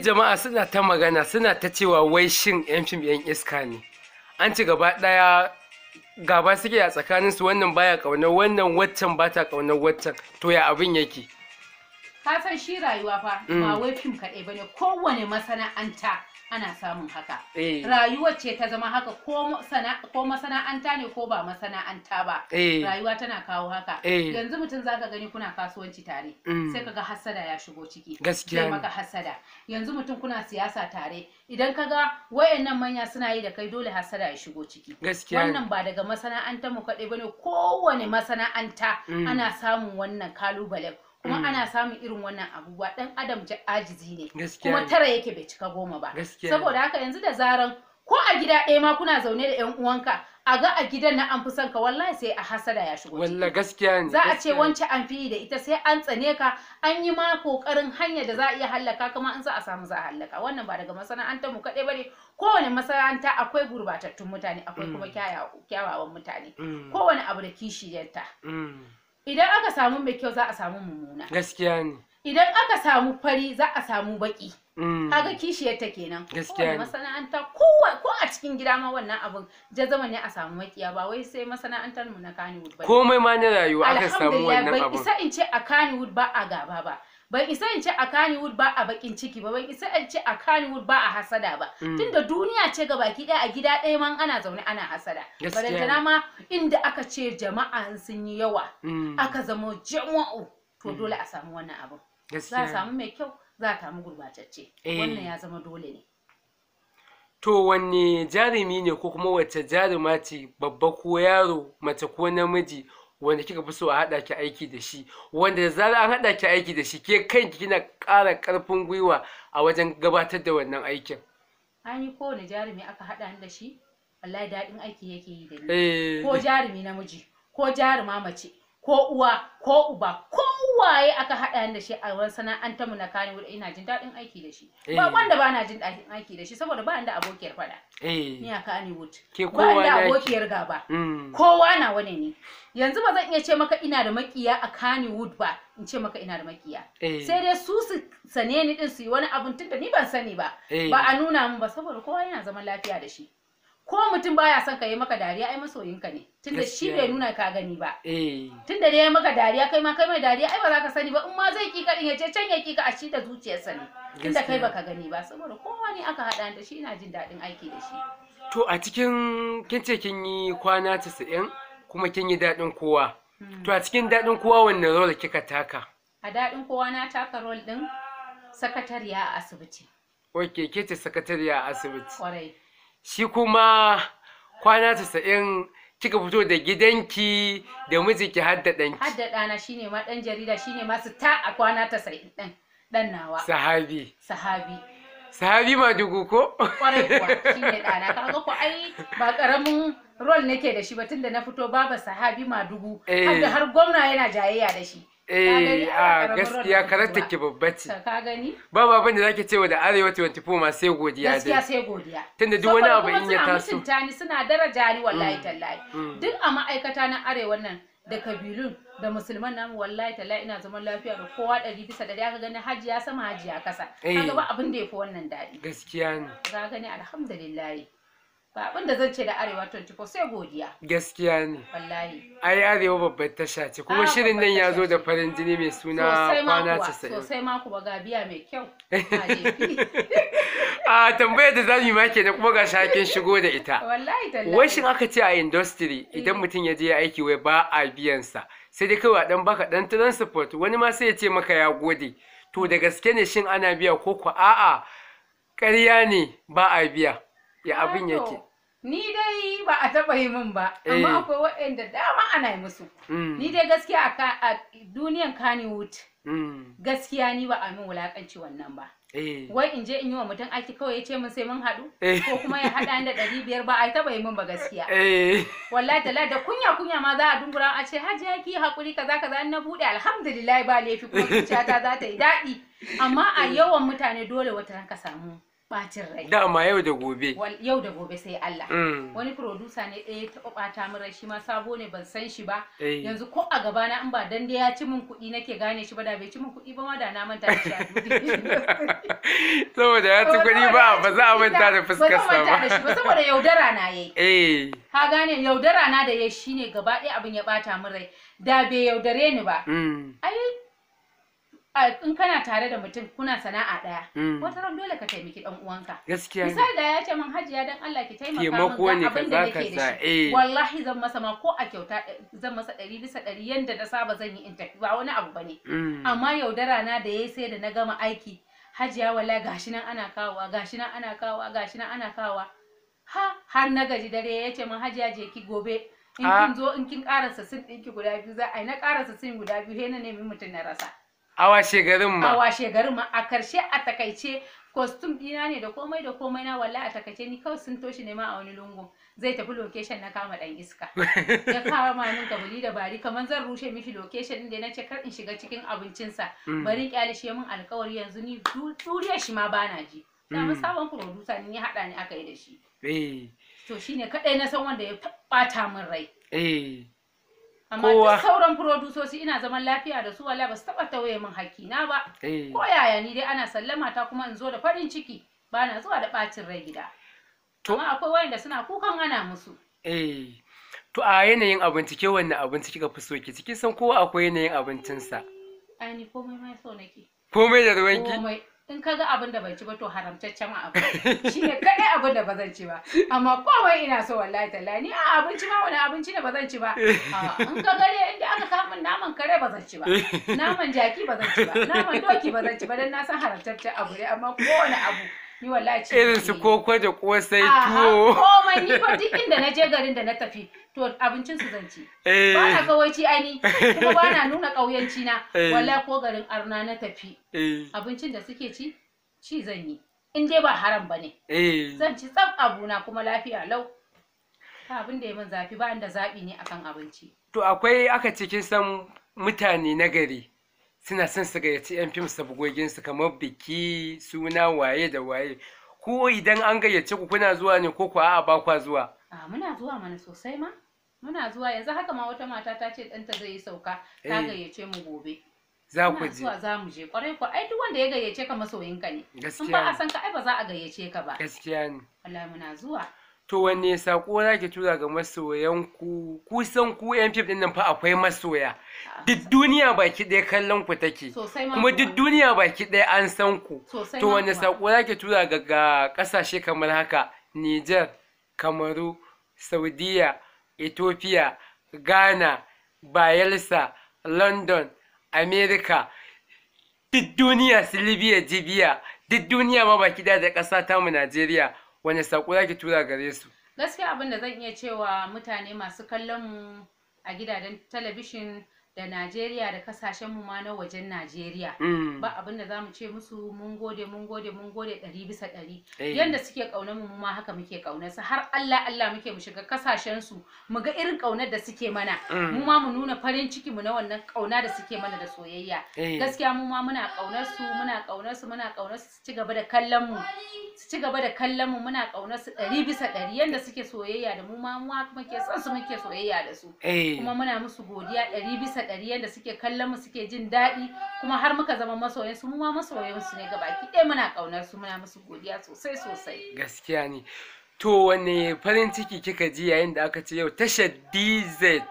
jama'a suna ta magana suna ta cewa wai shin yan fim yan iska ne an ci gaba ɗaya gaba suke a tsakanin su wannan baya ƙaunar wannan waccan ba ta ƙaunar waccan to ya abin yake ka san shi rayuwa fa ba mm. wai fim kaɗai bane kowane masana'anta ana samun haka eh. rayuwar ce ta zama haka ko masana'anta ne ko ba masana'anta ba eh. rayuwa tana kawo haka eh. yanzu mutum zaka gani kuna kasuwanci tare mm. sai kaga hasada ya shigo ciki gaskiya maka hasada yanzu mutum kuna siyasa tare idan ka ga wayannan manya suna yi da kai dole hasada ya shigo ciki gaskiya wannan ba daga masana'anta mu kaɗai bane kowane masana'anta mm. ana samun wannan kalubalen kuma mm. ana samun irin wannan abubuwa dan adam ajizi ne kuma tara yake bai cika goma ba saboda haka yanzu da zaran ko a gida ɗaya ma kuna zaune da yan uwanka a ga a gidan na an fi son ka wallahi sai a hasada ya shigo walla gaskiya ne za a ce wance an fi da ita sai an tsane ka an yi ma kokarin hanya da za a iya hallaka kuma an za a samu za a hallaka wannan ba daga masana'antar mu kadai bane kowane masana'anta akwai gurbatattun mutane akwai mm. kuma kyawawan mutane mm. kowane abu da kishiyarta idan aka samu mai kyau za a samu mummuna gaskiya ne idan aka samu fari za a samu baki mm. kaga kishiyar ta kenan gaskiya ne masana'anta kowa ko a cikin gida ma wannan abin jazama ne a samu makiya ba wai sai masana'antar mu na Kannywood ba komai ma na rayuwa aka samu wannan abin alhamdulillah bai isa in ce a Kannywood ba a gaba ba ban isa in ce a Kannywood ba a bakin ciki ba ban isa in ce a Kannywood ba a hasada ba mm. tunda duniya ce ga baki daya a gida ɗaya man ana zaune ana hasada barantana ma inda aka ce jama'a sun yi yawa mm. aka zama jama'u to mm. dole a samu wannan abu za a samu mai kyau za a samu gurbatacce eh. wannan ya zama dole ne to wanne jarumi ne ko kuma wacce jaruma ce babba ko yaro mace ko namiji wanda kika fi so a haɗa ki aiki da shi wanda da zarar an haɗa ki aiki da shi ke kanki kina ƙara ƙarfin gwiwa a wajen gabatar da wannan aikin an yi kowane jarumi aka haɗa ni da shi wallahi daɗin aiki yake yi da ni eh. ko jarumi namiji ko jaruma mace ko uwa ko uba ko waye aka haɗa da shi a wani ta mu na kani ina jin daɗin aiki da shi eh. ba wanda ba na jin daɗin aiki da shi saboda ba da abokiyar faɗa eh. ni a kane wood ba da abokiyar gaba mm. kowa na wani ne yanzu ba zan iya ce maka ina da makiya a kani wood ba in ce maka ina da makiya eh. sai dai su su sane ni din su yi wani abun tunda ni ban sani ba ba a nuna min ba saboda kowa yana zaman lafiya da shi ko mutum baya son ka yi maka dariya ai masoyinka ne tunda shi bai nuna ka gani ba eh. tunda da ya maka dariya kai ma kai mai dariya ai ba za ka sani ba in ma zai kika din ya ce can ya kika a shi da zuciyarsa ne tunda kai baka gani ba saboda kowa ne aka hada da shi ina jin daɗin aiki da shi to a cikin kin ce kin yi kwana 90 kuma kin yi daɗin kowa hmm. to a cikin daɗin kowa wanne role kika taka a daɗin kowa na taka role din sakatariya a asibiti ok ke ce sakatariya a asibiti kwarai shi kuma kwana tasa'in kika fito da gidanki da muziki har da ɗanki. Har da ɗana shine ma ɗan jarida Shi ne masu ta a kwana tasa'in ɗan ɗan nawa. Sahabi. Sahabi. Sahabi ma dugu ko? Kwarai kuwa shine ɗana kaga ko ai ba ƙaramin rol nake da shi ba tunda na fito babu sahabi ma dugu. Eh. Har har gwamna yana jayayya da shi. eh ah, a gaskiya karatar ki babba ce ka gani ba baban da zaki cewa da arewa 24 ma sai godiya dai gaskiya sai godiya tunda duk wani abu in ya taso suna mutunta ni suna daraja ni wallahi mm. tallahi mm. duk a ma'aikata na arewa nan da kabilun da musulman namu wallahi tallahi ina zaman lafiya da kowa ɗari bisa ɗari aka gani hajiya sama hajiya kasa kaga eh. ba abin da ya fi wannan daɗi gaskiya ne ka gani alhamdulillah ba abin da zan ce da arewa 24 sai godiya gaskiya ne wallahi ai arewa babbar tasha ce kuma ah, shirin nan ya zo da farin jini mai suna kwana ta 90 sosai ma kuma ga biya mai kyau a tambayar da zamu yi ma kenan kuma ga shakin shigo da ita wallahi tallahi shin aka ce a industry idan eh. mutum ya je aiki wai ba a biyan sa sai dai kawai dan baka dan transport wani ma sai ya ce maka ya gode to da gaske ne shin ana biya ko ko a'a ƙarya ne ba a biya ya ah, abin yake Ni dai ba a taɓa yi min ba, amma eh. akwai waɗanda dama ana yi musu. Mm. Ni dai gaskiya a duniyan Kannywood, mm. gaskiya ni ba a min wulakanci wannan ba. Eh. Wai in je in yi wa mutum aiki kawai ya ce min sai mun haɗu, eh. ko kuma ya haɗa da ɗari biyar ba a taɓa yi min ba gaskiya. Wallahi tala da kunya kunya ma za a dungura a ce hajiya ki haƙuri kaza kaza na buɗe alhamdulillah ba laifi kuma zuciyata za ta yi daɗi. Amma a yawan mutane dole wata ka samu. bacin rai dama yau da gobe yau da gobe sai Allah mm. wani producer ne ɗaya eh, ta ɓata min rai shi ma sabo ne ban san shi ba eh. yanzu ko a gaba na in ba dan dai ya ci min kuɗi nake gane shi ba da bai ci min kuɗi ba ma da na manta shi saboda ya ci kuɗi ba ba za a manta da fuskar sa ba saboda yaudara na yayi eh ka gane yaudara na da yayi shine gaba ɗaya abin ya ɓata min rai da bai yaudare ni ba mm. ai in kana tare da mutum kuna sana'a daya mm. wata ran dole ka taimaki dan uwanka gaskiya misali da ya ce min hajiya dan Allah ki taimaka min ga abin da yake da shi eh. wallahi zan masa ma ko a kyauta zan masa ɗari bisa ɗari yanda na saba zan yi interview ba wani abu bane mm. amma yaudara na da yayi sai da na gama aiki hajiya walla gashi nan ana kawowa gashi nan ana kawowa gashi nan ana kawowa ha har na gaji dare ya ce min hajiya je ki gobe in kin zo in kin karasa sin ɗinki guda biyu za a yi na karasa sin guda biyu he ne min mutum na rasa a washe garin ma a washe garin ma a karshe a takaice kostum dina ne da komai da komai na walla a takaice ni kawai sun toshi ne ma a wani lungu zai tafi location na kama ɗan iska ya kama min kabuli da bari kamar zan rushe mishi location din da na ce kar in shiga cikin abincinsa mm. bari ƙyale shi min alkawari yanzu ni duriya shi ma bana ji samun mm. sabon producer ni ya haɗa ni aka yi da shi eh. to shine kaɗai na san wanda ya ɓata min rai eh amma duk sauran furodusoci ina zaman lafiya da su wala ba su taɓa tawaye min na ba eh. ko yaya ni dai ana sallama ta kuma in zo da farin ciki ba na zuwa da ɓacin rai gida amma akwai wayanda suna kukan ana musu eh to a yanayin abinci ke wanne abinci kika fi so ki cikin san kowa akwai yanayin abincinsa ai ni komai mai so nake komai da ruwanki komai in ka ga abin da bai ci ba to haramtaccen abu shi ne kaɗai abin da ba zan ci ba amma komai ina so wallahi tallahi ni a abinci ma wani abinci ne ba zan ci ba in ka gare inda aka kama naman kare ba zan ci ba naman jaki ba zan ci ba naman doki ba zan ci ba dan na san haramtaccen abu ne amma kowane abu Yi wallahi ci irin su koko da kosai tuwo komai ni fa da na je garin da na tafi to abincin su zan ci eh. ba na kawaici ni, kuma ba na nuna kauyanci na eh. wallahi ko garin arna na tafi eh. abincin da suke ci ci zan yi in dai ba haram ba ne zan ci tsaf abuna kuma lafiya lau abin da ya min zafi ba da zaɓi ne akan abinci to akwai aka cikin san mutane na gari suna son su gayyaci 'yan fim sabgoginsu kamar biki suna waye da waye Ko idan an gayyace ku kuna zuwa ne ko ku a'a ba kwa zuwa a muna zuwa mana sosai ma muna zuwa yanzu haka ma wata mata ta ce ɗanta zai yi sauka ta eh. gayyace mu gobe za ku je zuwa za mu je kwarai ko ai duk wanda ya gayyace ka masoyinka ne gaskiya in ba a san ka ai ba za a gayyace ka ba gaskiya ne wallahi muna zuwa to wanne sako za tura ga masoyan ku kusan ku yan fim din nan fa akwai masoya ah. duk duniya baki ɗaya kallon ku take kuma duk duniya baki ɗaya an san ku to wanne sako za tura ga ga kasashe kamar haka Niger Kamaru Saudiya Ethiopia Ghana Bayelsa London America duk duniya Libya, Jibiya duk duniya ma baki ɗaya da ƙasa tamu Najeriya wani saƙo za ki tura gare su gaskiya abin da zan iya cewa mutane masu kallon mu a gidajen talabishin da Najeriya da kasashen mu ma na wajen Najeriya mm. ba abin da zamu ce musu mun gode mun gode mun gode ɗari bisa ɗari eh. yanda suke ƙaunar mu ma haka muke ƙaunar su har Allah Allah muke mu shiga kasashen su mu ga irin ƙaunar da suke mana mm. mu ma mu nuna farin ciki mu na wannan ƙauna da suke mana da soyayya eh. gaskiya mu ma muna ƙaunar su muna ƙaunar su muna ƙaunar su ci gaba da kallon mu su ci gaba da kallon mu muna ƙaunar su ɗari bisa ɗari yanda suke soyayya da mu ma mu muke son su muke soyayya da su eh. kuma muna musu godiya ɗari bisa ɗari yadda suke kallon mu suke jin daɗi kuma har muka zama masoyan su ma masoyan su ne baki ɗaya muna ƙaunar su muna musu godiya sosai sosai gaskiya ne to wane farin ciki kika ji yayin da aka ce yau tashar DZ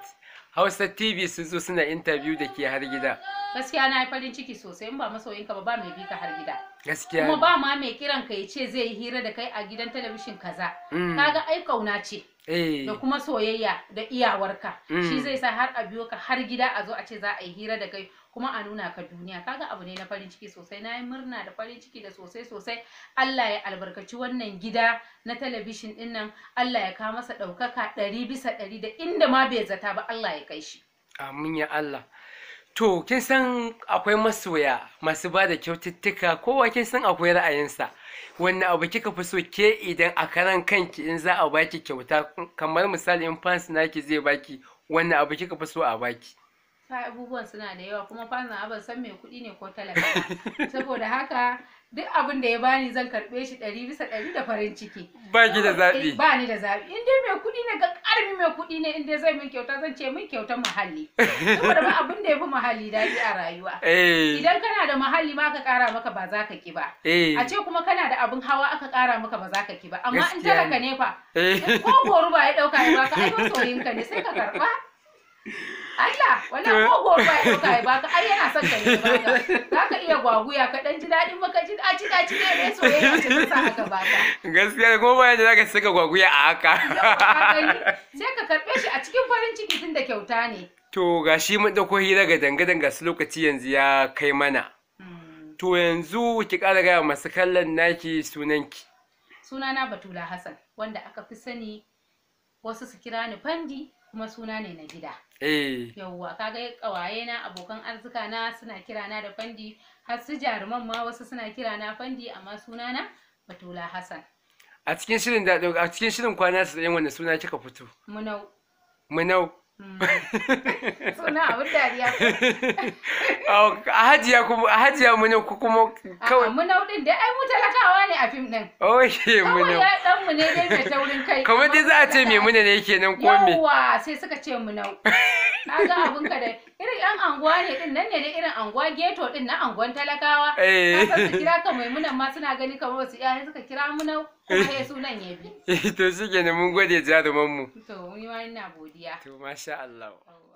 Hausa TV sun zo suna interview da ke har gida gaskiya na yi farin ciki sosai in ba ka ba ba mai bi ka har gida gaskiya kuma ba ma mai kiran ka ya ce zai yi hira da kai a gidan talabishin kaza mm. kaga ai kauna ce Eh. da kuma soyayya da iyawarka shi mm. zai sa har a biyo ka har gida a zo a ce za a yi hira da kai kuma a nuna ka duniya kaga abu ne na farin ciki sosai na yi murna da farin ciki da sosai sosai Allah ya albarkaci wannan gida na talabishin din nan Allah ya kawo masa ɗaukaka ɗari bisa ɗari da inda ma bai zata ba Allah ya kai shi amin ya Allah To, kin san akwai masoya masu ba da kyaututtuka kowa kin san akwai ra'ayinsa. Wanne abu kika fi so ke idan a karan kanki in za a baki kyauta kamar misali in fans naki zai baki wanne abu kika fi so a baki? kai abubuwan suna da yawa kuma fazan ban san mai kuɗi ne ko talaka saboda haka duk abin da ya bani zan karɓe shi ɗari bisa ɗari da farin ciki ba ki da zaɓi eh, ba ni da zaɓi in dai mai kuɗi ne ga ƙarfi mai kuɗi ne in dai zai min kyauta zan ce min kyauta muhalli saboda ba abin da ya fi muhalli daɗi a rayuwa eh. idan kana da muhalli ma aka ƙara maka ba za ka ki ba eh. a ce kuma kana da abin hawa aka ƙara maka ba za ka ki ba amma in talaka ne fa ko goruba ya ɗauka ya baka ai masoyinka ne sai ka karɓa Allah wala ko gobe ya kai ba ka ai yana son ka ne ba za ka iya gwaguya ka dan ji dadin maka ji daci daci ne ne soyayya ce ta sa aka baka gaskiya ko bayan da ka saka gwaguya a haka sai ka karbe shi a cikin farin ciki tun da kyauta ne to gashi mun dauko hira ga danga danga su lokaci yanzu ya kai mana hmm. to yanzu ki kara gaya masu kallon naki sunanki sunana Batula Hassan wanda aka fi sani wasu su kira ni Fandi kuma suna ne na gida Eh. yawwa kaga kawaye na abokan arzika na suna kira na da fandi har su jaruman ma wasu suna kira na fandi amma sunana batula hassan a cikin shirin a cikin shirin kwana 90 wanda suna kika fito munau munau Mm. suna abin dariya hajiya kuma hajiya mune ku kuma kawai mun din dai ai mu talakawa ne a fim din oke mun ya dan mu ne dai mai taurin kai kamar dai za a ce me mune ne nan ko me yawa sai suka ce mu nau na ga abun ka da irin yan anguwa ne din nan ne da irin anguwa ghetto din na anguwan talakawa eh. ka san su kira ka munan ma suna gani kamar wasu iyaye suka kira mu kuma sai eh. sunan ya bi to shikenan mun gode jaruman mu to yi ma ina godiya to masha Allah